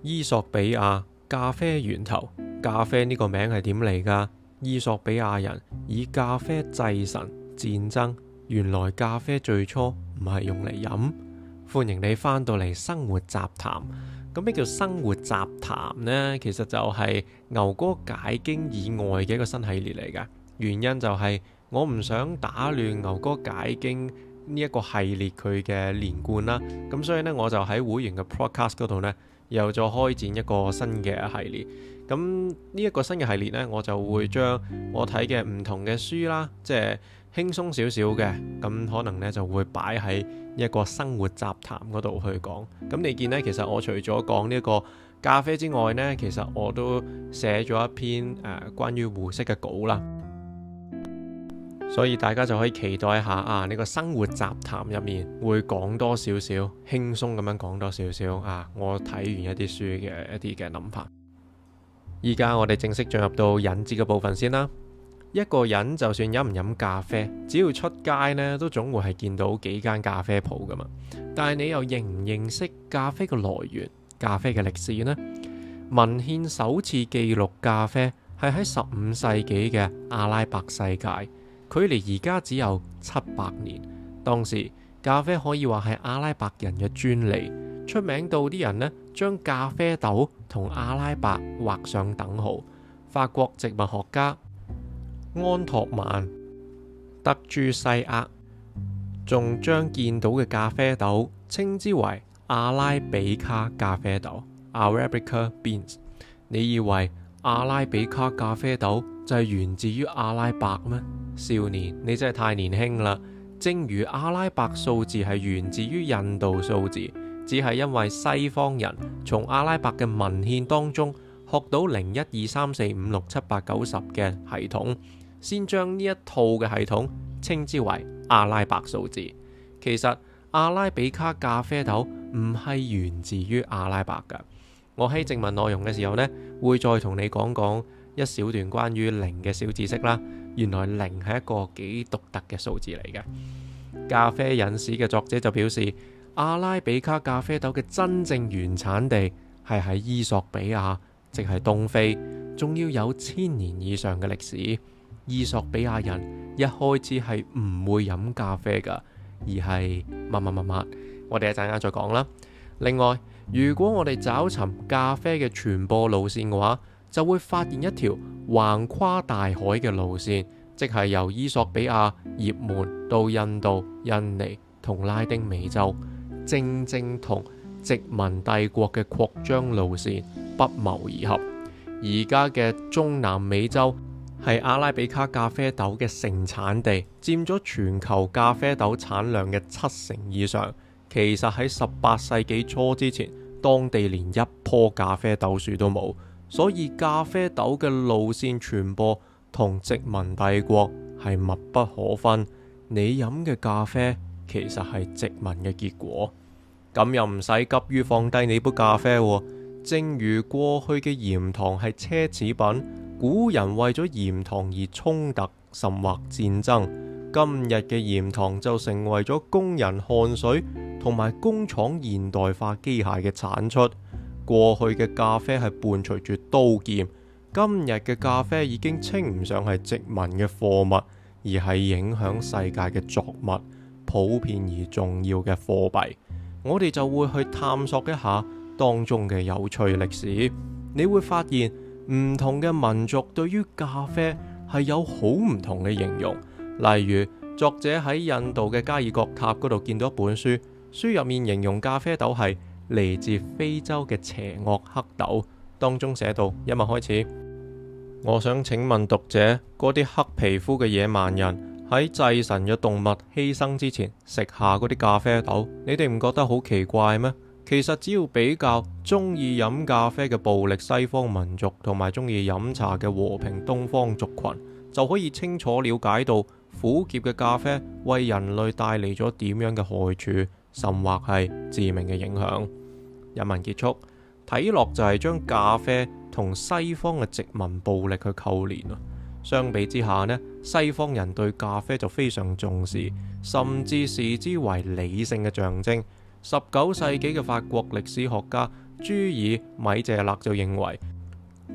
伊索比亞咖啡源頭，咖啡呢個名係點嚟㗎？伊索比亞人以咖啡祭神戰爭，原來咖啡最初唔係用嚟飲。歡迎你返到嚟生活雜談，咁咩叫生活雜談呢？其實就係牛哥解經以外嘅一個新系列嚟㗎。原因就係我唔想打亂牛哥解經呢一個系列佢嘅連貫啦，咁所以呢，我就喺會員嘅 podcast 嗰度呢。又再開展一個新嘅系列，咁呢一個新嘅系列呢，我就會將我睇嘅唔同嘅書啦，即係輕鬆少少嘅，咁可能呢就會擺喺一個生活雜談嗰度去講。咁你見呢，其實我除咗講呢一個咖啡之外呢，其實我都寫咗一篇誒、呃、關於護色嘅稿啦。所以大家就可以期待一下啊！呢個生活雜談入面會講多少少輕鬆咁樣講多少少啊。我睇完一啲書嘅一啲嘅諗法。依家我哋正式進入到引子嘅部分先啦。一個人就算飲唔飲咖啡，只要出街呢，都總會係見到幾間咖啡鋪噶嘛。但係你又認唔認識咖啡嘅來源、咖啡嘅歷史呢？文獻首次記錄咖啡係喺十五世紀嘅阿拉伯世界。距離而家只有七百年，當時咖啡可以話係阿拉伯人嘅專利，出名到啲人呢，將咖啡豆同阿拉伯畫上等號。法國植物學家安托萬德朱西厄仲將見到嘅咖啡豆稱之為阿拉比卡咖啡豆 （Arabica beans）。你以為阿拉比卡咖啡豆？就係源自於阿拉伯咩？少年，你真係太年輕啦！正如阿拉伯數字係源自於印度數字，只係因為西方人從阿拉伯嘅文獻當中學到零一二三四五六七八九十嘅系統，先將呢一套嘅系統稱之為阿拉伯數字。其實阿拉比卡咖啡豆唔係源自於阿拉伯㗎。我喺正文內容嘅時候呢，會再同你講講。一小段關於零嘅小知識啦，原來零係一個幾獨特嘅數字嚟嘅。咖啡癮史嘅作者就表示，阿拉比卡咖啡豆嘅真正原產地係喺衣索比亞，即係東非，仲要有千年以上嘅歷史。衣索比亞人一開始係唔會飲咖啡㗎，而係乜乜乜乜，我哋一陣間再講啦。另外，如果我哋找尋咖啡嘅傳播路線嘅話，就會發現一條橫跨大海嘅路線，即係由伊索比亞、葉門到印度、印尼同拉丁美洲，正正同殖民帝國嘅擴張路線不謀而合。而家嘅中南美洲係阿拉比卡咖啡豆嘅盛產地，佔咗全球咖啡豆產量嘅七成以上。其實喺十八世紀初之前，當地連一棵咖啡豆樹都冇。所以咖啡豆嘅路線傳播同殖民帝國係密不可分，你飲嘅咖啡其實係殖民嘅結果。咁又唔使急於放低你杯咖啡。正如過去嘅鹽糖係奢侈品，古人為咗鹽糖而衝突甚或戰爭。今日嘅鹽糖就成為咗工人汗水同埋工廠現代化機械嘅產出。過去嘅咖啡係伴隨住刀劍，今日嘅咖啡已經稱唔上係殖民嘅貨物，而係影響世界嘅作物，普遍而重要嘅貨幣。我哋就會去探索一下當中嘅有趣歷史。你會發現唔同嘅民族對於咖啡係有好唔同嘅形容。例如作者喺印度嘅加爾各答嗰度見到一本書，書入面形容咖啡豆係，嚟自非洲嘅邪惡黑豆，當中寫到：一文開始，我想請問讀者，嗰啲黑皮膚嘅野蠻人喺祭神嘅動物犧牲之前食下嗰啲咖啡豆，你哋唔覺得好奇怪咩？其實只要比較中意飲咖啡嘅暴力西方民族同埋中意飲茶嘅和平東方族群，就可以清楚了解到苦澀嘅咖啡為人類帶嚟咗點樣嘅害處，甚或係致命嘅影響。人民結束，睇落就係將咖啡同西方嘅殖民暴力去扣連咯。相比之下咧，西方人對咖啡就非常重視，甚至視之為理性嘅象徵。十九世紀嘅法國歷史學家朱爾米榭勒就認為。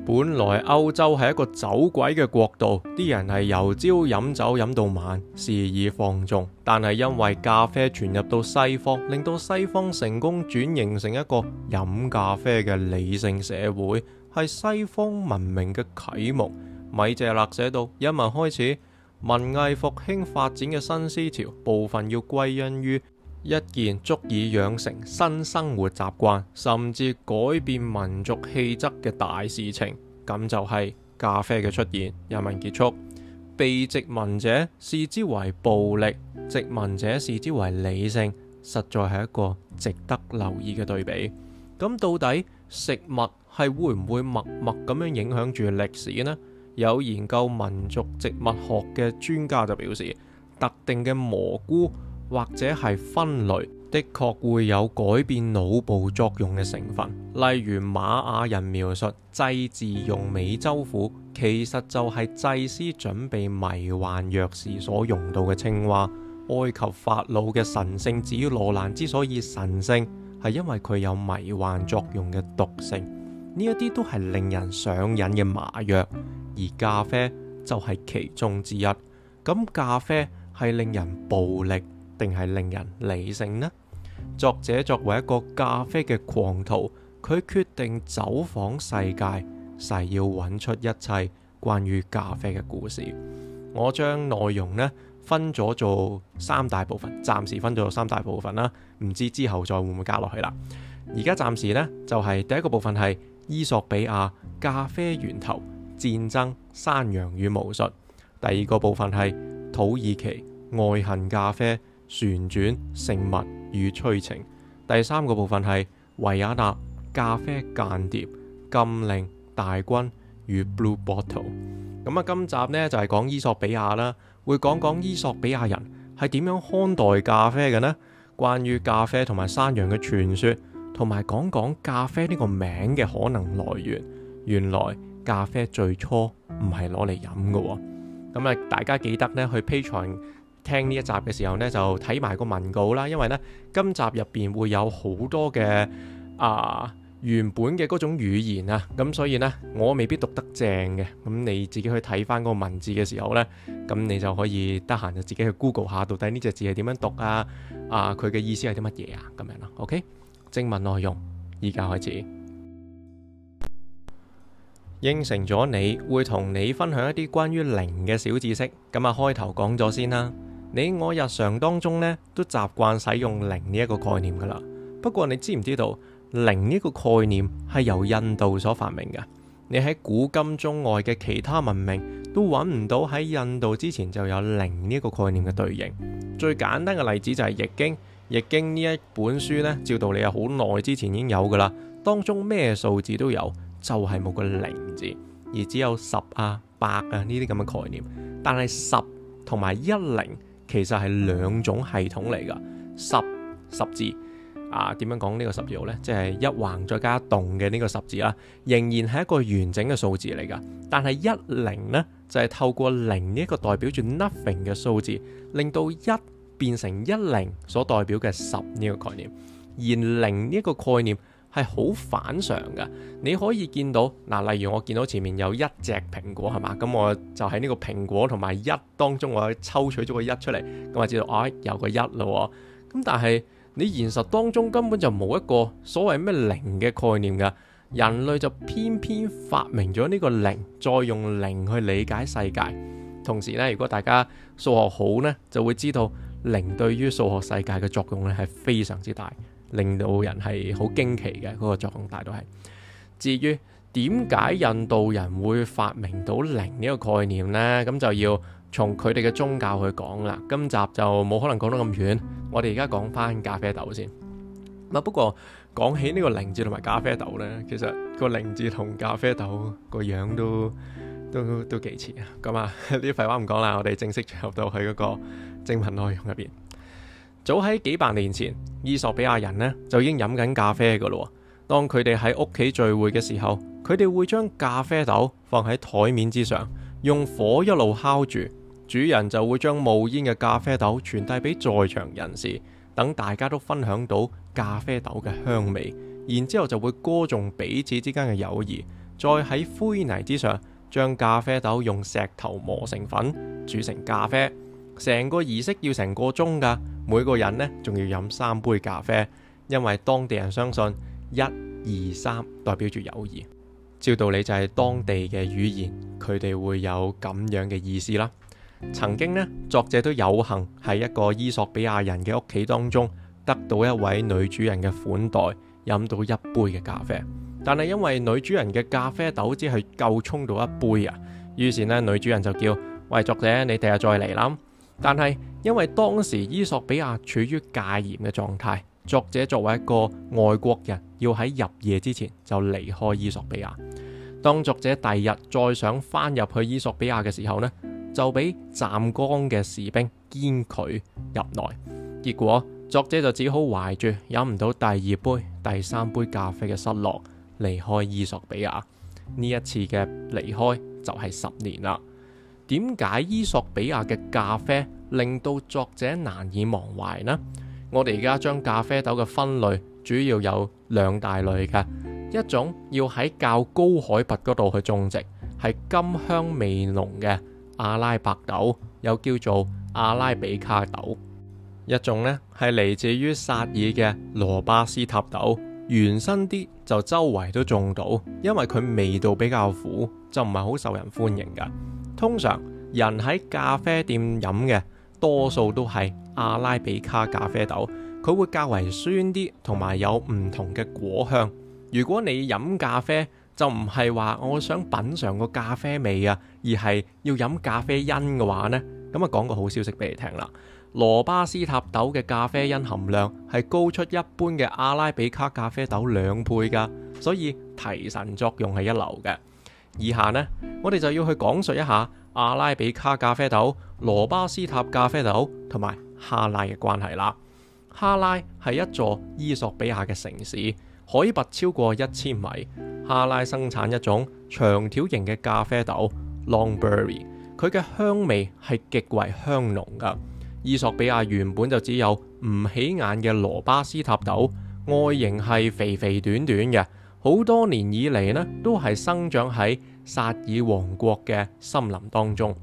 本來歐洲係一個酒鬼嘅國度，啲人係由朝飲酒飲到晚，肆意放縱。但係因為咖啡傳入到西方，令到西方成功轉型成一個飲咖啡嘅理性社會，係西方文明嘅啟蒙。米謝勒寫到：一文開始文藝復興發展嘅新思潮，部分要歸因於。一件足以養成新生活習慣，甚至改變民族氣質嘅大事情，咁就係咖啡嘅出現。人民結束被殖民者視之為暴力，殖民者視之為理性，實在係一個值得留意嘅對比。咁到底食物係會唔會默默咁樣影響住歷史呢？有研究民族植物學嘅專家就表示，特定嘅蘑菇。或者係葷類的確會有改變腦部作用嘅成分，例如馬雅人描述祭祀用美洲虎，其實就係祭司準備迷幻藥時所用到嘅青蛙。埃及法老嘅神聖紫羅蘭之所以神聖，係因為佢有迷幻作用嘅毒性。呢一啲都係令人上癮嘅麻藥，而咖啡就係其中之一。咁咖啡係令人暴力，定係令人理性呢？作者作為一個咖啡嘅狂徒，佢決定走訪世界，誓要揾出一切關於咖啡嘅故事。我將內容呢分咗做三大部分，暫時分咗三大部分啦，唔知之後再會唔會加落去啦？而家暫時呢就係、是、第一個部分係衣索比亞咖啡源頭、戰爭、山羊與巫術；第二個部分係土耳其愛恨咖啡。旋轉、聖物與催情。第三個部分係維也納咖啡間諜、禁令大軍與 Blue Bottle。咁、嗯、啊，今集呢，就係、是、講衣索比亞啦，會講講衣索比亞人係點樣看待咖啡嘅呢，關於咖啡同埋山羊嘅傳說，同埋講講咖啡呢個名嘅可能來源。原來咖啡最初唔係攞嚟飲嘅喎、哦。咁、嗯、啊，大家記得呢，去 Patreon 聽呢一集嘅時候呢，就睇埋個文稿啦，因為呢，今集入邊會有好多嘅啊、呃、原本嘅嗰種語言啊，咁所以呢，我未必讀得正嘅，咁你自己去睇翻嗰個文字嘅時候呢，咁你就可以得閒就自己去 Google 下到底呢隻字係點樣讀啊，啊佢嘅意思係啲乜嘢啊，咁樣啦，OK？正文內容依家開始，應承咗你會同你分享一啲關於零嘅小知識，咁啊開頭講咗先啦。你我日常當中呢，都習慣使用零呢一個概念噶啦，不過你知唔知道零呢一個概念係由印度所發明嘅？你喺古今中外嘅其他文明都揾唔到喺印度之前就有零呢一個概念嘅對應。最簡單嘅例子就係《易經》，《易經》呢一本書呢，照道理係好耐之前已經有噶啦，當中咩數字都有，就係冇個零字，而只有十啊、八啊呢啲咁嘅概念。但係十同埋一零。其實係兩種系統嚟㗎，十、十字，啊，十字，十字啊點樣講呢個十字號呢？即係一橫再加一棟嘅呢個十字啦，仍然係一個完整嘅數字嚟㗎。但係一零呢，就係、是、透過零呢個代表住 nothing 嘅數字，令到一變成一零所代表嘅十呢個概念，而零呢個概念。係好反常嘅，你可以見到嗱，例如我見到前面有一隻蘋果係嘛，咁我就喺呢個蘋果同埋一當中，我去抽取咗個一出嚟，咁我知道啊、哎、有個一嘞喎。咁但係你現實當中根本就冇一個所謂咩零嘅概念㗎，人類就偏偏發明咗呢個零，再用零去理解世界。同時咧，如果大家數學好呢，就會知道零對於數學世界嘅作用咧係非常之大。令到人係好驚奇嘅嗰個作用，大都係。至於點解印度人會發明到零呢個概念呢？咁就要從佢哋嘅宗教去講啦。今集就冇可能講得咁遠，我哋而家講翻咖啡豆先。嗱，不過講起呢個零字同埋咖啡豆呢，其實個零字同咖啡豆個樣都都都幾似啊！咁啊，呢啲廢話唔講啦，我哋正式進入到去嗰個正文內容入邊。早喺幾百年前，衣索比亞人呢，就已經飲緊咖啡噶咯。當佢哋喺屋企聚會嘅時候，佢哋會將咖啡豆放喺檯面之上，用火一路烤住。主人就會將冒煙嘅咖啡豆傳遞俾在場人士，等大家都分享到咖啡豆嘅香味，然之後就會歌頌彼此之間嘅友誼。再喺灰泥之上，將咖啡豆用石頭磨成粉，煮成咖啡。成個儀式要成個鐘㗎，每個人呢仲要飲三杯咖啡，因為當地人相信一二三代表住友誼。照道理就係當地嘅語言，佢哋會有咁樣嘅意思啦。曾經呢，作者都有幸喺一個衣索比亞人嘅屋企當中，得到一位女主人嘅款待，飲到一杯嘅咖啡。但係因為女主人嘅咖啡豆只係夠沖到一杯啊，於是呢，女主人就叫：喂，作者，你第日再嚟啦。但係因為當時衣索比亞處於戒嚴嘅狀態，作者作為一個外國人，要喺入夜之前就離開衣索比亞。當作者第二日再想翻入去衣索比亞嘅時候呢，就俾站崗嘅士兵堅拒入內。結果作者就只好懷住飲唔到第二杯，第三杯咖啡嘅失落，離開衣索比亞。呢一次嘅離開就係十年啦。點解伊索比亞嘅咖啡令到作者難以忘懷呢？我哋而家將咖啡豆嘅分類主要有兩大類嘅，一種要喺較高海拔嗰度去種植，係甘香味濃嘅阿拉伯豆，又叫做阿拉比卡豆；一種呢係嚟自于撒爾嘅羅巴斯塔豆，原生啲就周圍都種到，因為佢味道比較苦，就唔係好受人歡迎噶。通常人喺咖啡店飲嘅，多數都係阿拉比卡咖啡豆，佢會較為酸啲，同埋有唔同嘅果香。如果你飲咖啡就唔係話我想品嘗個咖啡味啊，而係要飲咖啡因嘅話呢。咁啊講個好消息俾你聽啦，羅巴斯塔豆嘅咖啡因含量係高出一般嘅阿拉比卡咖啡豆兩倍噶，所以提神作用係一流嘅。以下呢，我哋就要去講述一下阿拉比卡咖啡豆、羅巴斯塔咖啡豆同埋哈拉嘅關係啦。哈拉係一座伊索比亞嘅城市，海拔超過一千米。哈拉生產一種長條形嘅咖啡豆 （Longberry），佢嘅香味係極為香濃㗎。伊索比亞原本就只有唔起眼嘅羅巴斯塔豆，外形係肥肥短短嘅。好多年以嚟呢，都係生長喺撒爾王國嘅森林當中。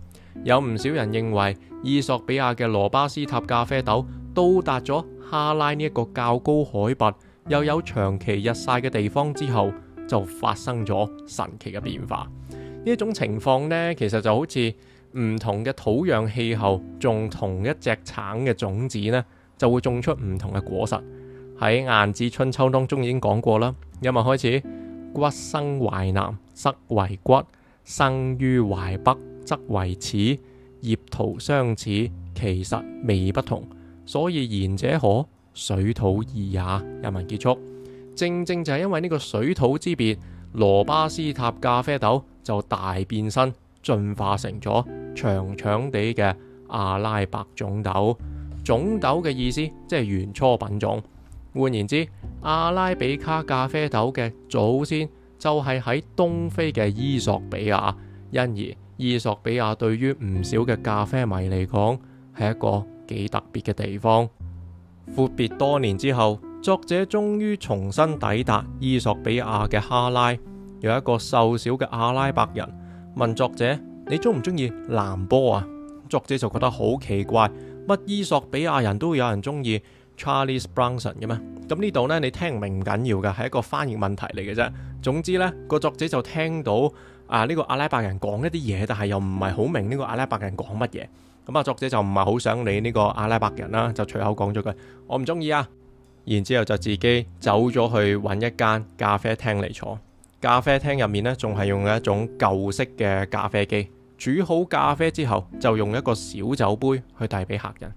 有唔少人認為，衣索比亞嘅羅巴斯塔咖啡豆到達咗哈拉呢一個較高海拔、又有長期日曬嘅地方之後，就發生咗神奇嘅變化。呢一種情況呢，其實就好似唔同嘅土壤氣候，種同一隻橙嘅種子呢，就會種出唔同嘅果實。喺《晏子春秋》當中已經講過啦。一文開始，橘生淮南則為橘，生於淮北則為枳。葉徒相似，其實味不同。所以然者何，水土異也。一文結束，正正就係因為呢個水土之別，羅巴斯塔咖啡豆就大變身，進化成咗長長地嘅阿拉伯種豆。種豆嘅意思即係原初品種。換言之，阿拉比卡咖啡豆嘅祖先就係喺東非嘅衣索比亞，因而衣索比亞對於唔少嘅咖啡迷嚟講係一個幾特別嘅地方。闊別多年之後，作者終於重新抵達衣索比亞嘅哈拉，有一個瘦小嘅阿拉伯人問作者：你中唔中意藍波啊？作者就覺得好奇怪，乜衣索比亞人都有人中意。Charlie Spranson 嘅咩？咁呢度呢，你聽唔明唔緊要噶，係一個翻譯問題嚟嘅啫。總之呢，個作者就聽到啊呢個阿拉伯人講一啲嘢，但係又唔係好明呢個阿拉伯人講乜嘢。咁啊，作者就唔係好想理呢個阿拉伯人啦，就隨口講咗句我唔中意啊。然之後就自己走咗去揾一間咖啡廳嚟坐。咖啡廳入面呢，仲係用一種舊式嘅咖啡機煮好咖啡之後，就用一個小酒杯去遞俾客人。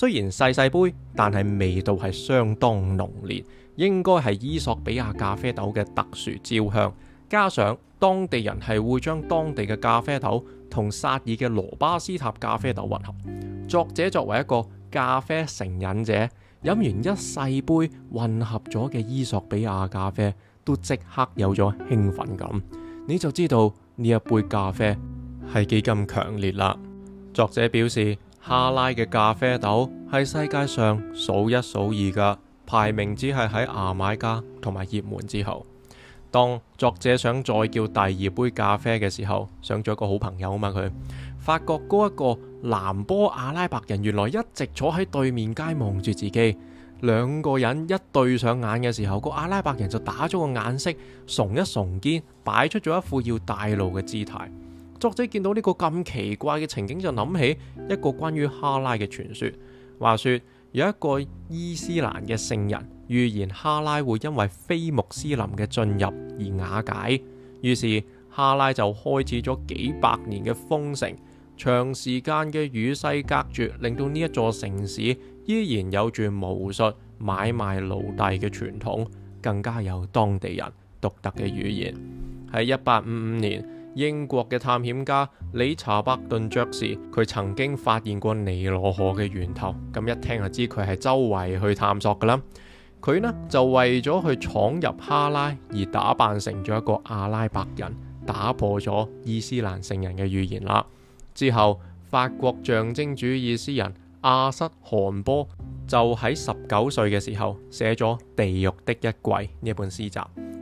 雖然細細杯，但係味道係相當濃烈，應該係伊索比亞咖啡豆嘅特殊焦香，加上當地人係會將當地嘅咖啡豆同薩爾嘅羅巴斯塔咖啡豆混合。作者作為一個咖啡成癮者，飲完一細杯混合咗嘅伊索比亞咖啡，都即刻有咗興奮感，你就知道呢一杯咖啡係幾咁強烈啦。作者表示。哈拉嘅咖啡豆係世界上數一數二噶，排名只係喺牙買加同埋葉門之後。當作者想再叫第二杯咖啡嘅時候，想做個好朋友啊嘛，佢發覺嗰一個南波阿拉伯人原來一直坐喺對面街望住自己，兩個人一對上眼嘅時候，個阿拉伯人就打咗個眼色，聳一聳肩，擺出咗一副要帶路嘅姿態。作者見到呢個咁奇怪嘅情景，就諗起一個關於哈拉嘅傳說。話說有一個伊斯蘭嘅聖人預言哈拉會因為非穆斯林嘅進入而瓦解，於是哈拉就開始咗幾百年嘅封城，長時間嘅與世隔絕，令到呢一座城市依然有住巫術、買賣奴隸嘅傳統，更加有當地人獨特嘅語言。喺一八五五年，英國嘅探險家理查伯頓爵士，佢曾經發現過尼羅河嘅源頭，咁一聽就知佢係周圍去探索㗎啦。佢呢就為咗去闖入哈拉而打扮成咗一個阿拉伯人，打破咗伊斯蘭聖人嘅預言啦。之後，法國象徵主義詩人阿瑟韓波就喺十九歲嘅時候寫咗《地獄的一季》呢一本詩集。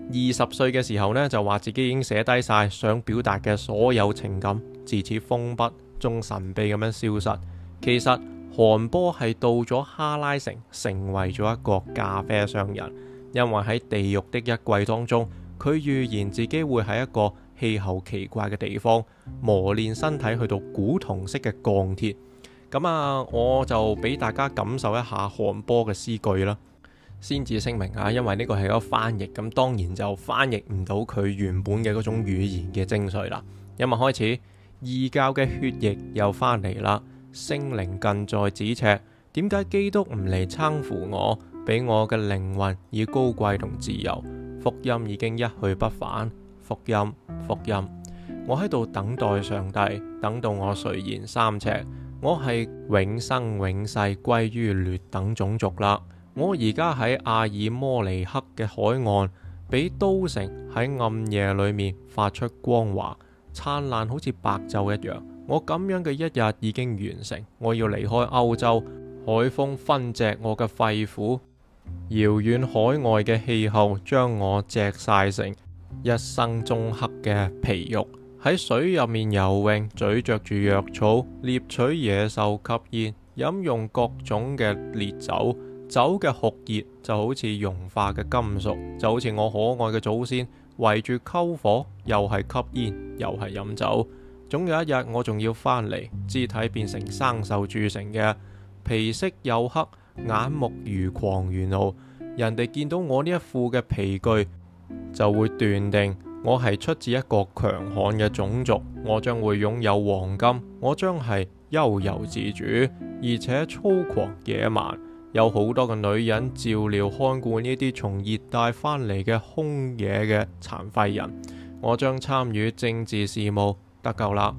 二十歲嘅時候呢，就話自己已經寫低晒想表達嘅所有情感，自此封筆，仲神秘咁樣消失。其實韓波係到咗哈拉城，成為咗一個咖啡商人。因為喺地獄的一季當中，佢預言自己會喺一個氣候奇怪嘅地方磨練身體，去到古銅色嘅鋼鐵。咁啊，我就俾大家感受一下韓波嘅詩句啦。先至聲明啊，因為呢個係一個翻譯，咁當然就翻譯唔到佢原本嘅嗰種語言嘅精髓啦。一問開始，異教嘅血液又翻嚟啦，聖靈近在咫尺，點解基督唔嚟攙扶我？俾我嘅靈魂以高貴同自由。福音已經一去不返，福音福音，我喺度等待上帝，等到我垂涎三尺，我係永生永世歸於劣等種族啦。我而家喺阿爾摩尼克嘅海岸，俾都城喺暗夜裏面發出光華燦爛，好似白晝一樣。我咁樣嘅一日已經完成，我要離開歐洲，海風熏蝕我嘅肺腑，遙遠海外嘅氣候將我蝕晒成一身棕黑嘅皮肉。喺水入面游泳，嘴着住藥草獵取野獸吸煙，飲用各種嘅烈酒。酒嘅酷熱就好似融化嘅金屬，就好似我可愛嘅祖先圍住篝火，又係吸煙，又係飲酒。總有一日我仲要返嚟，肢體變成生鏽鑄成嘅，皮色又黑，眼目如狂如怒。人哋見到我呢一副嘅皮具，就會斷定我係出自一個強悍嘅種族。我將會擁有黃金，我將係悠游自主，而且粗狂野蠻。有好多嘅女人照料看顧呢啲從熱帶翻嚟嘅空嘢嘅殘廢人。我將參與政治事務得救啦。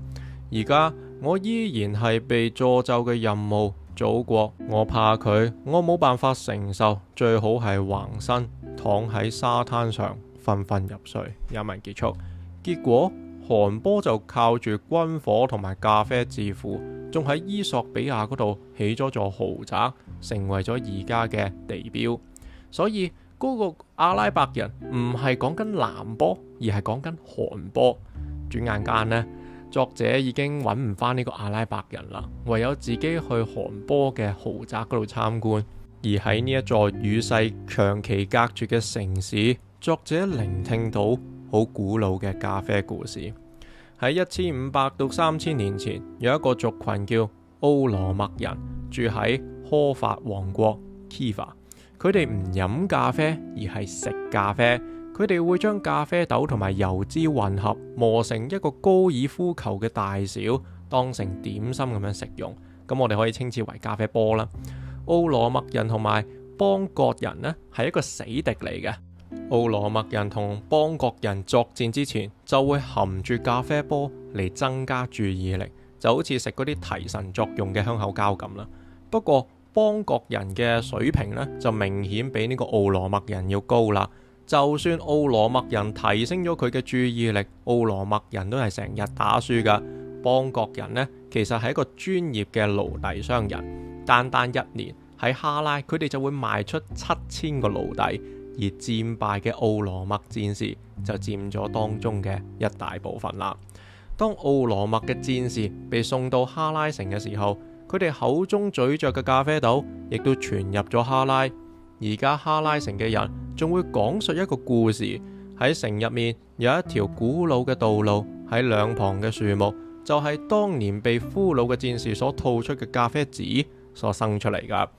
而家我依然係被詛咒嘅任務，祖國，我怕佢，我冇辦法承受，最好係橫身躺喺沙灘上，瞓瞓入睡。引文結束，結果韓波就靠住軍火同埋咖啡致富，仲喺衣索比亞嗰度起咗座豪宅。成為咗而家嘅地標，所以嗰個阿拉伯人唔係講緊藍波，而係講緊韓波。轉眼間呢，作者已經揾唔返呢個阿拉伯人啦，唯有自己去韓波嘅豪宅嗰度參觀。而喺呢一座與世長期隔絕嘅城市，作者聆聽到好古老嘅咖啡故事。喺一千五百到三千年前，有一個族群叫歐羅麥人，住喺。科法王國 Kiva，佢哋唔飲咖啡而係食咖啡，佢哋會將咖啡豆同埋油脂混合磨成一個高爾夫球嘅大小，當成點心咁樣食用。咁我哋可以稱之為咖啡波啦。奧羅麥人同埋邦國人呢，係一個死敵嚟嘅。奧羅麥人同邦國人作戰之前就會含住咖啡波嚟增加注意力，就好似食嗰啲提神作用嘅香口膠咁啦。不過，邦國人嘅水平呢，就明顯比呢個奧羅麥人要高啦。就算奧羅麥人提升咗佢嘅注意力，奧羅麥人都係成日打輸㗎。邦國人呢，其實係一個專業嘅奴隸商人，單單一年喺哈拉，佢哋就會賣出七千個奴隸，而戰敗嘅奧羅麥戰士就佔咗當中嘅一大部分啦。當奧羅麥嘅戰士被送到哈拉城嘅時候，佢哋口中咀嚼嘅咖啡豆，亦都傳入咗哈拉。而家哈拉城嘅人仲會講述一個故事：喺城入面有一條古老嘅道路，喺兩旁嘅樹木就係、是、當年被俘虜嘅戰士所吐出嘅咖啡籽所生出嚟噶。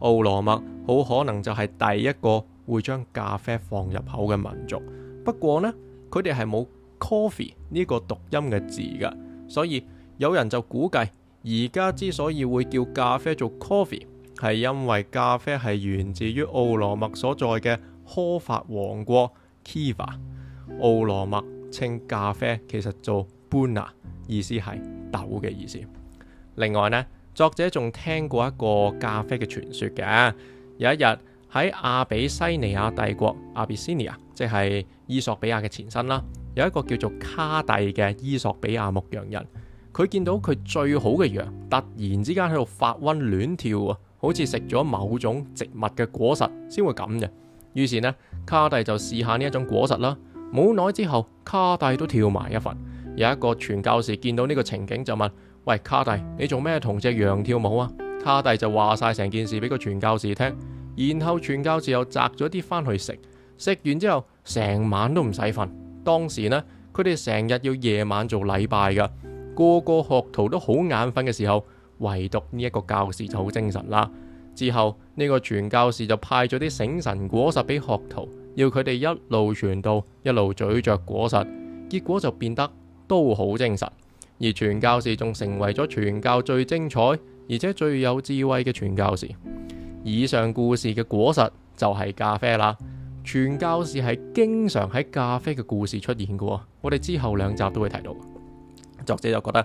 奧羅麥好可能就係第一個會將咖啡放入口嘅民族。不過呢，佢哋係冇 coffee 呢個讀音嘅字噶，所以有人就估計。而家之所以會叫咖啡做 coffee，係因為咖啡係源自於奧羅麥所在嘅科法王國 Kiva。奧羅麥稱咖啡其實做 buna，意思係豆嘅意思。另外呢，作者仲聽過一個咖啡嘅傳說嘅。有一日喺阿比西尼亞帝國 Abyssinia，即係衣索比亞嘅前身啦，有一個叫做卡蒂嘅衣索比亞牧羊人。佢見到佢最好嘅羊突然之間喺度發瘟亂跳啊，好似食咗某種植物嘅果實先會咁嘅。於是呢，卡蒂就試下呢一種果實啦。冇耐之後，卡蒂都跳埋一份。有一個傳教士見到呢個情景就問：「喂，卡蒂，你做咩同隻羊跳舞啊？卡蒂就話晒成件事俾個傳教士聽，然後傳教士又摘咗啲返去食。食完之後，成晚都唔使瞓。當時呢，佢哋成日要夜晚做禮拜㗎。個個學徒都好眼瞓嘅時候，唯獨呢一個教士就好精神啦。之後呢個傳教士就派咗啲醒神果實俾學徒，要佢哋一路傳道，一路咀嚼果實，結果就變得都好精神。而傳教士仲成為咗傳教最精彩而且最有智慧嘅傳教士。以上故事嘅果實就係咖啡啦。傳教士係經常喺咖啡嘅故事出現嘅，我哋之後兩集都會提到。作者就覺得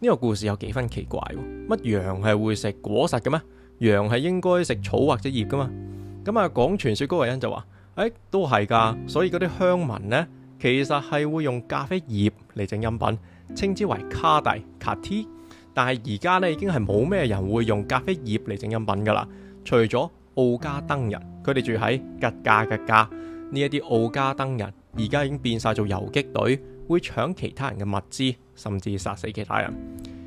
呢個故事有幾分奇怪，乜羊係會食果實嘅咩？羊係應該食草或者葉噶嘛？咁啊，講傳説嗰個人就話，誒都係㗎，所以嗰啲鄉民呢，其實係會用咖啡葉嚟整飲品，稱之為卡底卡 T。但係而家呢，已經係冇咩人會用咖啡葉嚟整飲品㗎啦。除咗奧加登人，佢哋住喺吉加吉加呢一啲奧加登人，而家已經變晒做遊擊隊，會搶其他人嘅物資。甚至殺死其他人。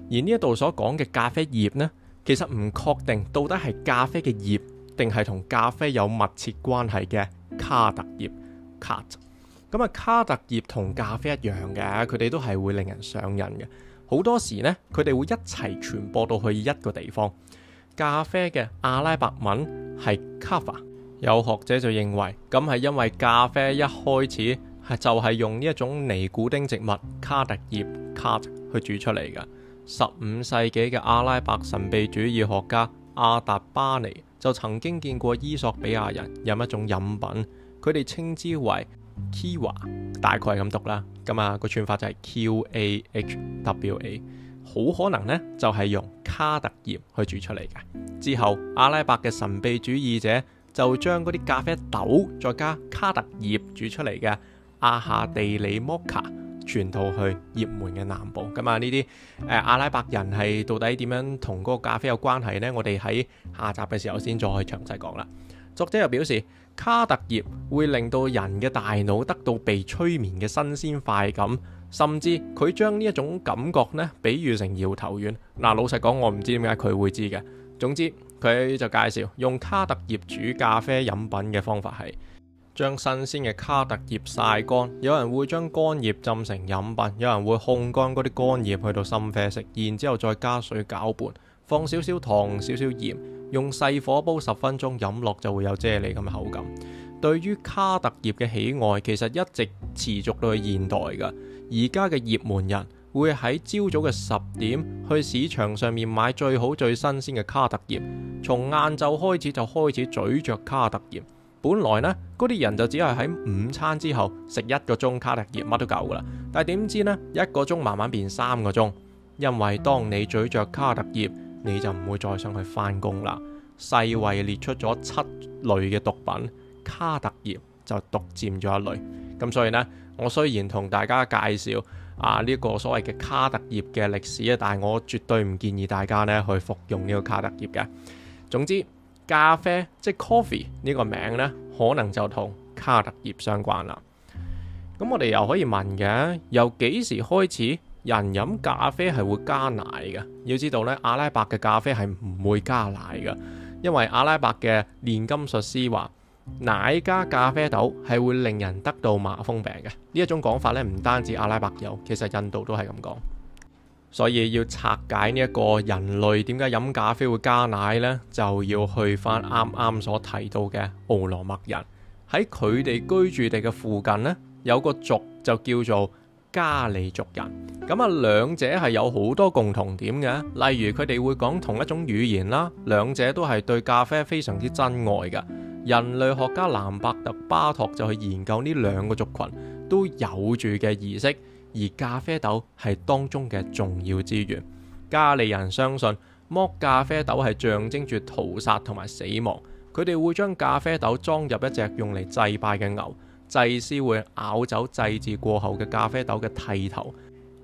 而呢一度所講嘅咖啡葉呢，其實唔確定到底係咖啡嘅葉，定係同咖啡有密切關係嘅卡特葉卡特。咁啊，卡特葉同咖啡一樣嘅，佢哋都係會令人上癮嘅。好多時呢，佢哋會一齊傳播到去一個地方。咖啡嘅阿拉伯文係 cover，有學者就認為咁係因為咖啡一開始係就係用呢一種尼古丁植物卡特葉去煮出嚟嘅。十五世紀嘅阿拉伯神秘主義學家阿達巴尼就曾經見過衣索比亞人飲一種飲品，佢哋稱之為 kiwa，大概咁讀啦。咁、嗯、啊、個串法就係 q a h w a，好可能呢，就係、是、用卡特葉去煮出嚟嘅。之後阿拉伯嘅神秘主義者就將嗰啲咖啡豆再加卡特葉煮出嚟嘅阿夏地理摩卡。傳到去葉門嘅南部，咁啊呢啲誒阿拉伯人係到底點樣同嗰個咖啡有關係呢？我哋喺下集嘅時候先再去詳細講啦。作者又表示，卡特葉會令到人嘅大腦得到被催眠嘅新鮮快感，甚至佢將呢一種感覺咧比喻成搖頭丸。嗱、呃，老實講，我唔知點解佢會知嘅。總之，佢就介紹用卡特葉煮咖啡飲品嘅方法係。將新鮮嘅卡特葉曬乾，有人會將乾葉浸成飲品，有人會烘乾嗰啲乾葉去到深啡色，然之後再加水攪拌，放少少糖、少少鹽，用細火煲十分鐘，飲落就會有啫喱咁嘅口感。對於卡特葉嘅喜愛，其實一直持續到去現代嘅。而家嘅葉門人會喺朝早嘅十點去市場上面買最好最新鮮嘅卡特葉，從晏晝開始就開始咀嚼卡特葉。本來呢，嗰啲人就只係喺午餐之後食一個鐘卡特葉，乜都夠噶啦。但係點知呢，一個鐘慢慢變三個鐘，因為當你咀嚼卡特葉，你就唔會再想去翻工啦。世衛列出咗七類嘅毒品，卡特葉就獨佔咗一類。咁所以呢，我雖然同大家介紹啊呢個所謂嘅卡特葉嘅歷史啊，但係我絕對唔建議大家呢去服用呢個卡特葉嘅。總之。咖啡即 coffee 呢個名呢，可能就同卡特葉相關啦。咁我哋又可以問嘅，由幾時開始人飲咖啡係會加奶嘅？要知道呢，阿拉伯嘅咖啡係唔會加奶嘅，因為阿拉伯嘅煉金術師話奶加咖啡豆係會令人得到麻風病嘅。呢一種講法呢，唔單止阿拉伯有，其實印度都係咁講。所以要拆解呢一個人類點解飲咖啡會加奶呢？就要去翻啱啱所提到嘅奧羅麥人。喺佢哋居住地嘅附近呢，有個族就叫做加利族人。咁啊，兩者係有好多共同點嘅，例如佢哋會講同一種語言啦，兩者都係對咖啡非常之珍愛嘅。人類學家藍伯特巴托就去研究呢兩個族群都有住嘅儀式。而咖啡豆係當中嘅重要資源。加利人相信剝咖啡豆係象徵住屠殺同埋死亡。佢哋會將咖啡豆裝入一隻用嚟祭拜嘅牛，祭司會咬走祭祀過後嘅咖啡豆嘅剃頭。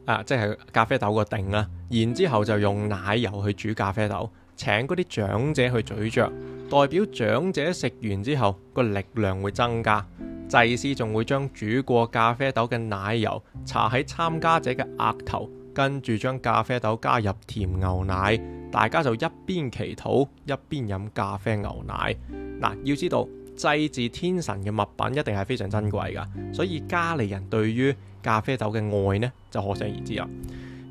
啊，即係咖啡豆個頂啊，然之後就用奶油去煮咖啡豆，請嗰啲長者去咀嚼，代表長者食完之後個力量會增加。祭司仲會將煮過咖啡豆嘅奶油搽喺參加者嘅額頭，跟住將咖啡豆加入甜牛奶，大家就一邊祈禱一邊飲咖啡牛奶。嗱、啊，要知道祭祀天神嘅物品一定係非常珍貴噶，所以加利人對於咖啡豆嘅愛呢就可想而知啦。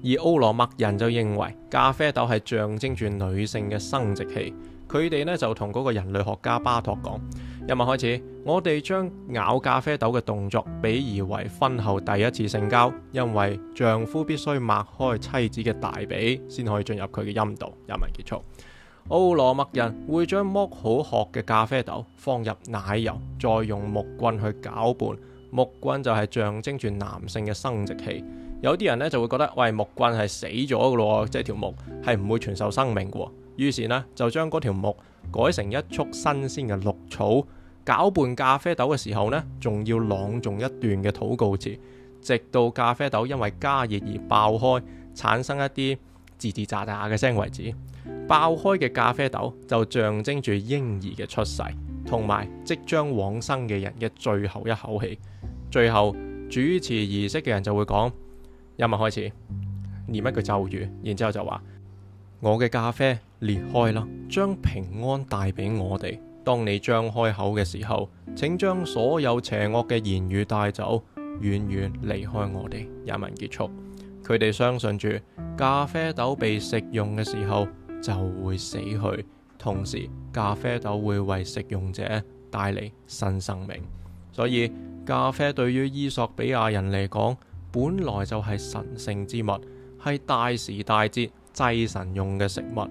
而歐羅莫人就認為咖啡豆係象徵住女性嘅生殖器，佢哋呢就同嗰個人類學家巴托講。引文開始，我哋將咬咖啡豆嘅動作比擬為婚後第一次性交，因為丈夫必須擘開妻子嘅大髀先可以進入佢嘅陰道。引文結束。奧羅莫人會將剝好殼嘅咖啡豆放入奶油，再用木棍去攪拌。木棍就係象徵住男性嘅生殖器。有啲人呢就會覺得，喂，木棍係死咗噶咯，即係條木係唔會傳授生命嘅。於是呢，就將嗰條木改成一束新鮮嘅綠草。攪拌咖啡豆嘅時候呢，仲要朗誦一段嘅禱告詞，直到咖啡豆因為加熱而爆開，產生一啲吱吱喳喳嘅聲為止。爆開嘅咖啡豆就象徵住嬰兒嘅出世，同埋即將往生嘅人嘅最後一口氣。最後主持儀式嘅人就會講：，音樂開始，念一句咒語，然之後就話：，我嘅咖啡裂開啦，將平安帶俾我哋，當你張開口嘅時候，請將所有邪惡嘅言語帶走，遠遠離開我哋。人民結束，佢哋相信住咖啡豆被食用嘅時候就會死去，同時咖啡豆會為食用者帶嚟新生命。所以咖啡對於衣索比亞人嚟講，本來就係神聖之物，係大時大節祭神用嘅食物。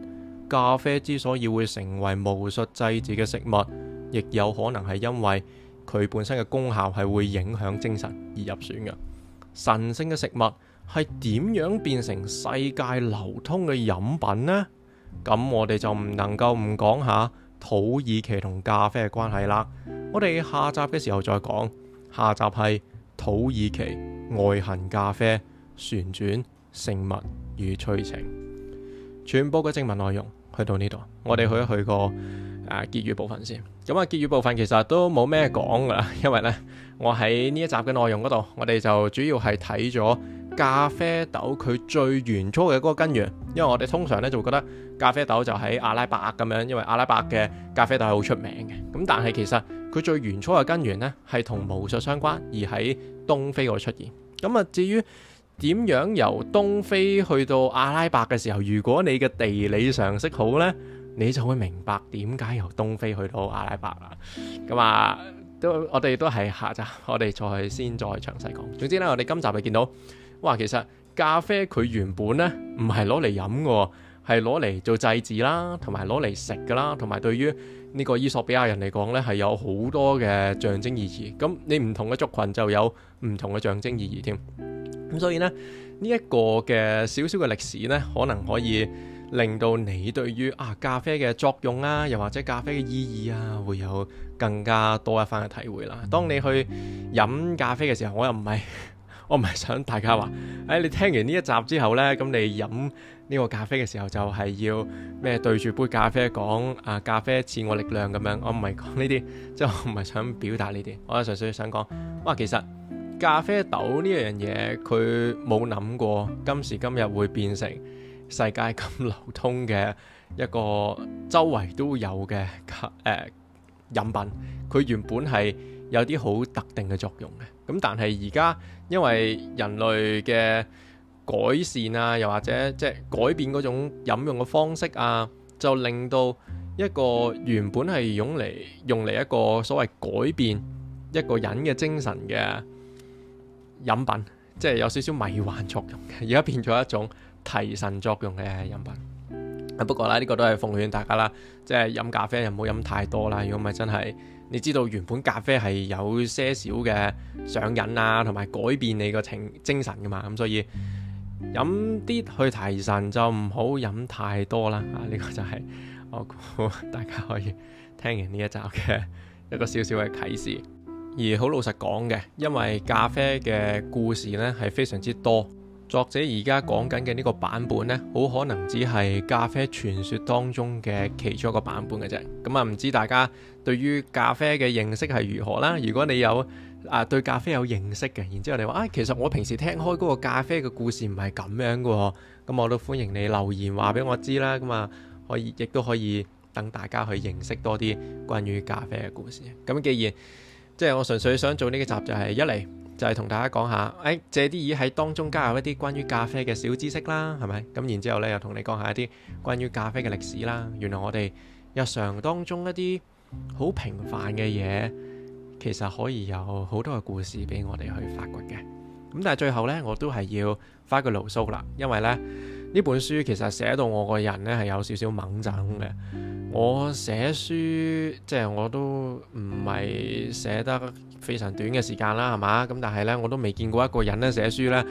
咖啡之所以會成為巫術祭祀嘅食物，亦有可能係因為佢本身嘅功效係會影響精神而入選嘅。神聖嘅食物係點樣變成世界流通嘅飲品呢？咁我哋就唔能夠唔講下土耳其同咖啡嘅關係啦。我哋下集嘅時候再講，下集係土耳其愛恨咖啡旋轉聖物與催情，全部嘅正文內容。去到呢度，嗯、我哋去一去個啊結語部分先。咁、嗯、啊結語部分其實都冇咩講噶，因為呢，我喺呢一集嘅內容嗰度，我哋就主要係睇咗咖啡豆佢最原初嘅嗰個根源。因為我哋通常呢就會覺得咖啡豆就喺阿拉伯咁樣，因為阿拉伯嘅咖啡豆係好出名嘅。咁但係其實佢最原初嘅根源呢，係同巫術相關，而喺東非嗰度出現。咁、嗯、啊、嗯、至於點樣由東非去到阿拉伯嘅時候，如果你嘅地理常識好呢，你就會明白點解由東非去到阿拉伯啦。咁啊，都我哋都係下集，我哋再去先再詳細講。總之呢，我哋今集就見到，哇，其實咖啡佢原本呢唔係攞嚟飲嘅，係攞嚟做祭祀啦，同埋攞嚟食噶啦，同埋對於呢個伊索比亞人嚟講呢，係有好多嘅象徵意義。咁你唔同嘅族群就有唔同嘅象徵意義添。咁所以呢，呢一個嘅少少嘅歷史呢，可能可以令到你對於啊咖啡嘅作用啊，又或者咖啡嘅意義啊，會有更加多一番嘅體會啦。當你去飲咖啡嘅時候，我又唔係，我唔係想大家話，誒，你聽完呢一集之後呢，咁你飲呢個咖啡嘅時候就係要咩對住杯咖啡講啊咖啡賜我力量咁樣，我唔係講呢啲，即係我唔係想表達呢啲，我純粹想講，哇其實～咖啡豆呢樣嘢，佢冇諗過今時今日會變成世界咁流通嘅一個周圍都有嘅咖啡飲品。佢原本係有啲好特定嘅作用嘅。咁但係而家因為人類嘅改善啊，又或者即係改變嗰種飲用嘅方式啊，就令到一個原本係用嚟用嚟一個所謂改變一個人嘅精神嘅。飲品即係有少少迷幻作用嘅，而家變咗一種提神作用嘅飲品。不過啦，呢、這個都係奉勸大家啦，即係飲咖啡又唔好飲太多啦。如果唔係真係，你知道原本咖啡係有些少嘅上癮啊，同埋改變你個情精神噶嘛。咁所以飲啲去提神就唔好飲太多啦。啊，呢、這個就係、是、我估大家可以聽完呢一集嘅一個少少嘅啟示。而好老實講嘅，因為咖啡嘅故事呢係非常之多。作者而家講緊嘅呢個版本呢，好可能只係咖啡傳說當中嘅其中一個版本嘅啫。咁、嗯、啊，唔知大家對於咖啡嘅認識係如何啦？如果你有啊對咖啡有認識嘅，然之後你話啊，其實我平時聽開嗰個咖啡嘅故事唔係咁樣嘅，咁、嗯、我都歡迎你留言話俾我知啦。咁、嗯、啊，可以亦都可以等大家去認識多啲關於咖啡嘅故事。咁、嗯、既然即係我純粹想做呢個集，就係一嚟就係同大家講下，誒借啲意喺當中加入一啲關於咖啡嘅小知識啦，係咪？咁然之後呢，又同你講下一啲關於咖啡嘅歷史啦。原來我哋日常當中一啲好平凡嘅嘢，其實可以有好多嘅故事俾我哋去發掘嘅。咁但係最後呢，我都係要發一句牢騷啦，因為呢。呢本書其實寫到我個人呢係有少少掹掙嘅。我寫書即係我都唔係寫得非常短嘅時間啦，係嘛？咁但係呢，我都未見過一個人呢寫書呢。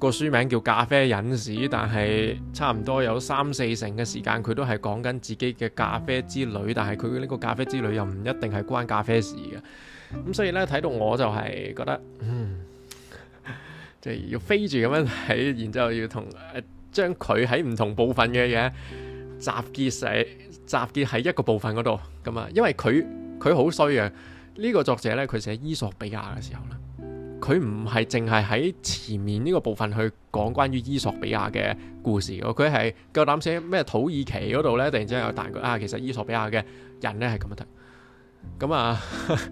個書名叫《咖啡癮史》，但係差唔多有三四成嘅時間佢都係講緊自己嘅咖啡之旅。但係佢呢個咖啡之旅又唔一定係關咖啡事嘅。咁所以呢，睇到我就係覺得，嗯，即係要飛住咁樣睇，然之後要同。哎將佢喺唔同部分嘅嘢集結死，集結喺一個部分嗰度咁啊！因為佢佢好衰啊！呢個作者咧，佢寫伊索比亞嘅時候咧，佢唔係淨係喺前面呢個部分去講關於伊索比亞嘅故事，佢係夠膽寫咩土耳其嗰度呢？突然之間有彈句啊，其實伊索比亞嘅人呢係咁樣睇。」咁啊！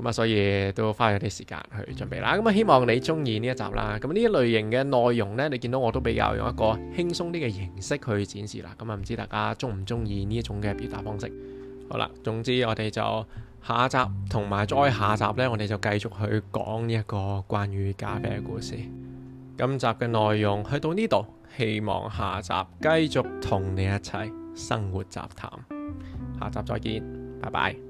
咁啊、嗯，所以都花咗啲時間去準備啦。咁、嗯、啊，希望你中意呢一集啦。咁、嗯、呢一類型嘅內容呢，你見到我都比較用一個輕鬆啲嘅形式去展示啦。咁、嗯、啊，唔知大家中唔中意呢一種嘅表達方式？好啦，總之我哋就下集同埋再下集呢，我哋就繼續去講一個關於咖啡嘅故事。今集嘅內容去到呢度，希望下集繼續同你一齊生活雜談。下集再見，拜拜。